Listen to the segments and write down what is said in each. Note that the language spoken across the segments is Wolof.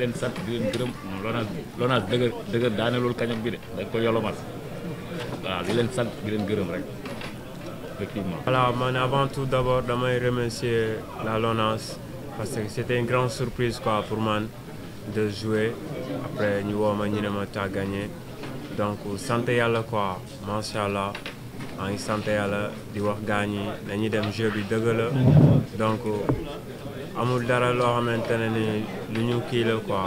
leen sant di leen gërëm lonaas lonaas dëgër dëgër daaneelul kañam bi de dañ ko yolomal waaw di leen sant di leen gërëm rek effectivement. voilà man avant tout d' abord damay remercier la LONASE parce que c' était une grande surprise quoi pour man de jouer après ñu woo ma ñu ne ma tu as gagné donc sant yàlla quoi macha allah. maa ngi sant yàlla di wax gaañ yi dañuy dem jeu bi dëgg la donc amul dara loo xamante ne ni lu ñu kii la quoi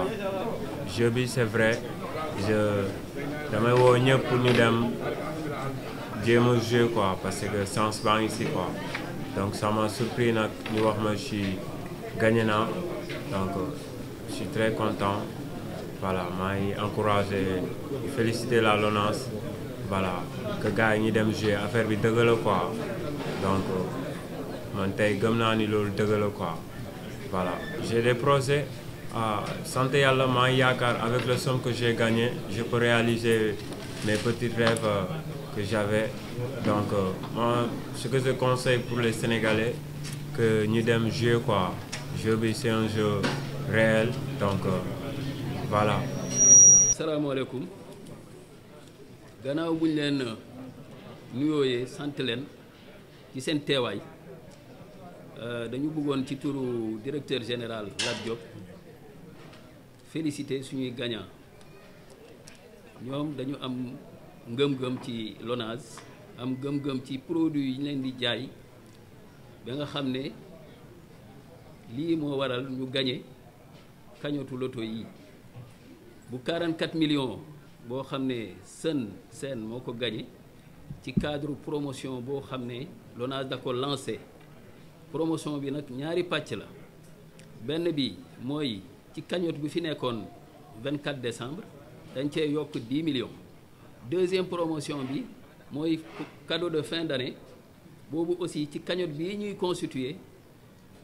jeu bi c'est vrai je damay woo ñëpp pour ñu dem jéem a jeu quoi parce que sens baa ngi si quoi donc ça m'a nag ñu wax ma ci gagné naa donc je suis très content voilà maa ngi encouragé féliciter la LONASE voilà que gars yi dem jouer affaire bi dëgg la donc man tey gëm naa ni loolu dëgg quoi voilà j'ai des projets ah sant yàlla maa ngi yaakaar avec le somme que j'ai gagné je peux réaliser mes petits rêves euh, que j'avais donc euh, moi ce que je conseille pour les Sénégalais que ñu dem jouer quoi jeu bi c'est un jeu réel donc euh, voilà. salaamaaleykum. gannaaw buñ leen euh, nuyooyee sant leen ci seen teewaay euh, dañu bëggoon ci turu directeur général Lat Diop félicité suñuy gañaa ñoom dañu am ngëm-ngëm ci LONASE am ngëm-ngëm ci produit yi ñu leen di jaay ba nga xam ne lii moo waral ñu gagné kañotu loto yi bu 44 millions. boo xam ne seen seen moo ko gagné ci cadre promotion boo xam ne LONASE da ko lancé promotion bi nag ñaari pàcc la benn bi mooy ci cagnotte bi fi nekkoon 24 décembre dañ cee yokk 10 millions deuxième promotion bi mooy cadeau de fin d'année boobu aussi ci cagnotte bii ñuy constituer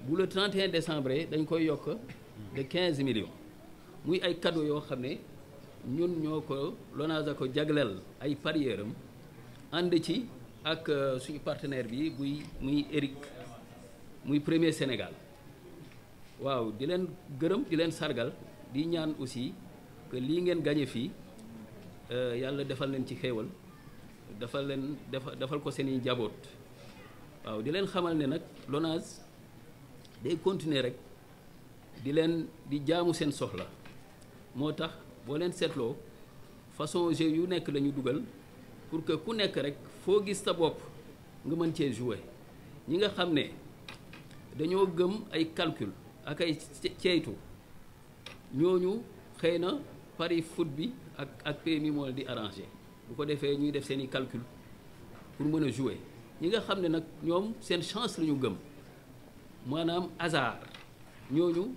bu le 31 décembre dañ koy yokk de 15 muy ay cadeaux yoo xam ne ñun ñoo ko LONASE ko jagleel ay parieurs am ànd ci ak euh, suñu partenaire bi buy muy Eric muy premier Sénégal waaw di leen gërëm di leen sargal di ñaan aussi que lii ngeen gañe fii euh, yàlla defal leen ci xéewal defal leen defal defal ko seeni njaboot waaw di leen xamal ne nag LONASE day continuer rek di leen di jaamu seen soxla moo tax. boo leen seetloo façon jeu yu nekk la ñu dugal pour que ku nekk rek foo gis sa bopp nga mën cee jouer ñi nga xam ne dañoo gëm ay calcul ak ay ceytu ñooñu xëy na pari foot bi ak ak PMI moo di arrangé bu ko defee ñuy def seen i calcul pour mën a jouer ñi nga xam ne nag ñoom seen chance la ñu gëm maanaam hasard ñooñu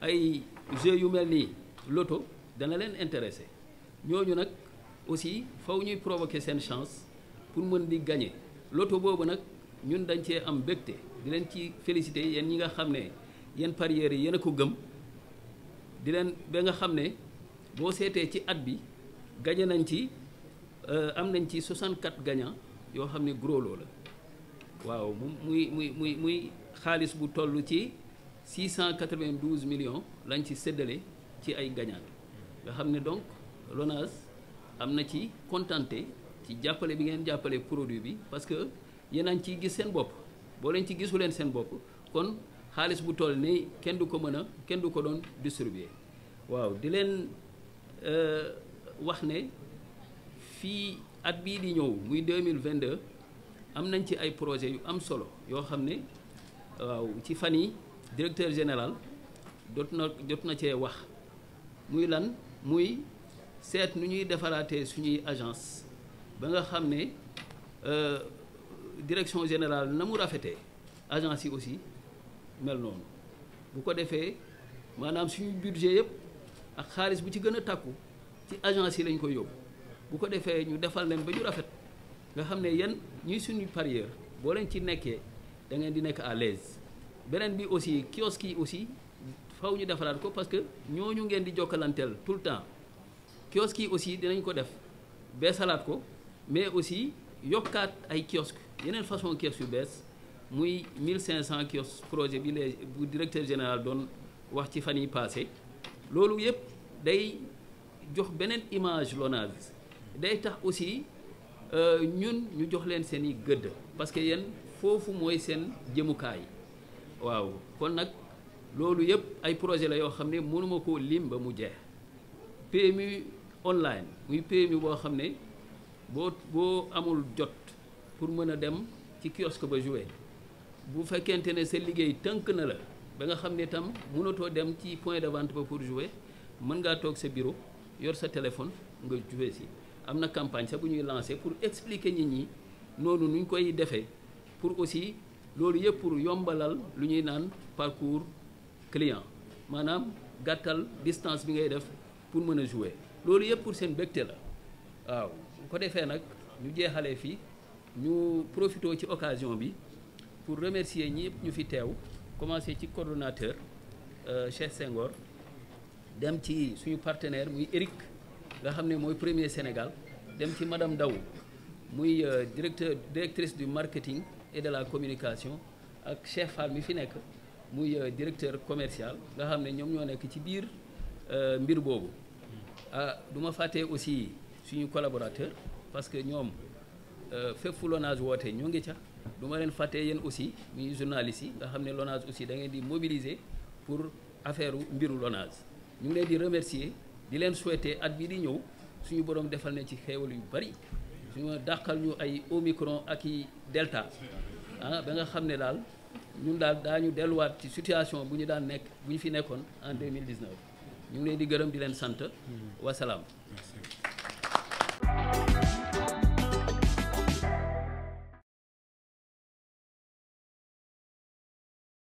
ay jeu yu mel nii loto dana leen intéressé ñooñu nag aussi faw ñuy provoquer seen chance pour mën di gañe loto boobu nag ñun dañ cee am bégte di leen ci félicité yéen ñi nga xam ne yéen parieurs yi yéen a ko gëm di leen ba nga xam ne boo seetee ci at bi gañe nañ ci euh, am nañ ci 64 gagnants yoo xam ne gros la waaw muy muy muy muy xaalis bu toll ci 692 millions lañ ci séddale ci ay gagnants. nga xam ne donc LONASE am na ci contenté ci jàppale bi ngeen jàppale produit bi parce que yéen a ciy gis seen bopp boo leen ci gisu leen seen bopp kon xaalis bu toll nii kenn du ko mën a kenn du ko doon distribuer waaw di leen euh, wax ne fii at bii di ñëw muy mille 2022 am nañ ci ay projet yu am solo yoo xam ne waaw ci fan yi directeur général jot na jot na cee wax muy lan muy seet nu ñuy defaraatee suñuy agence ba nga xam ne euh, direction générale na mu rafetee agence yi aussi mel noonu bu ko defee maanaam suñu budget yëpp ak xaalis bu ci gën a takku ci agence yi lañ ko yóbbu bu ko defee ñu defal leen ba ñu rafet nga xam ne yan ñuy suñu parieur boo leen ci nekkee da ngeen di nekk à l'aise beneen bi aussi kiosque yi aussi faw ñu defaraat ko parce que ñooñu ngeen di jokkalanteel tout le temps kiosque yi aussi dinañ ko def beesalaat ko mais aussi yokkaat ay kiosque yeneen façon kiosque yu bees muy 1500 kiosque projet bi les bu directeur général doon wax ci fan yi passé loolu yëpp day jox beneen image Lonase day tax aussi euh, ñun ñu jox leen seen i gëdd parce que yéen foofu mooy seen jëmukaay waaw kon nag loolu yëpp ay projet la yoo xam ne mënuma koo lim ba mu jeex PMU online muy PMU boo xam ne boo boo amul jot pour mën a dem ci kiosque ba jouer bu fekkente ne sa liggéey tënk na la ba nga xam ne itam munatoo dem ci point de vente ba pour jouer mën ngaa toog sa bureau yor sa téléphone nga jouer si am na campagne sax bu ñuy lancer pour expliquer nit ñi noonu nu ñu koy defee pour aussi loolu yëpp pour yombalal lu ñuy naan parcours client maanaam gàttal distance bi ngay def pour mën a jouer loolu yëpp pour seen bégte la waaw ko defee nag ñu jeexale fii ñu profitoo ci occasion bi pour ñi ñëpp ñu fi teew commencé ci coordonnateur euh, Cheikh Senghor dem ci suñu partenaire muy Eric nga xam ne mooy premier Sénégal dem ci madame Daw muy euh, directeur directrice du marketing et de la communication ak Cheikh Fall mi fi nekk muy euh, directeur commercial nga xam ne ñoom ñoo nekk ci biir euh, mbir boobu hmm. ah du ma fàtte aussi suñu collaborateur parce que ñoom euh, fépp fu lonage woote ñoo ngi ca du ma leen fàtte yéen aussi muy journaliste yi nga xam ne Lonase aussi da ngeen di mobiliser pour affaire mbiru lonage ñu ngi leen di remercier di leen souhaiter at bi di ñëw suñu borom defal ne ci xéewal yu bari suñu dàqal ñu ay Omicron ak i Delta ah ba nga xam ne daal. ñun daal daañu delluwaat ci situation bu ñu daan nekk bu ñu fi nekkoon en 2019 ñu ngi leen di gërëm di leen sant mm-hmm. wasalaam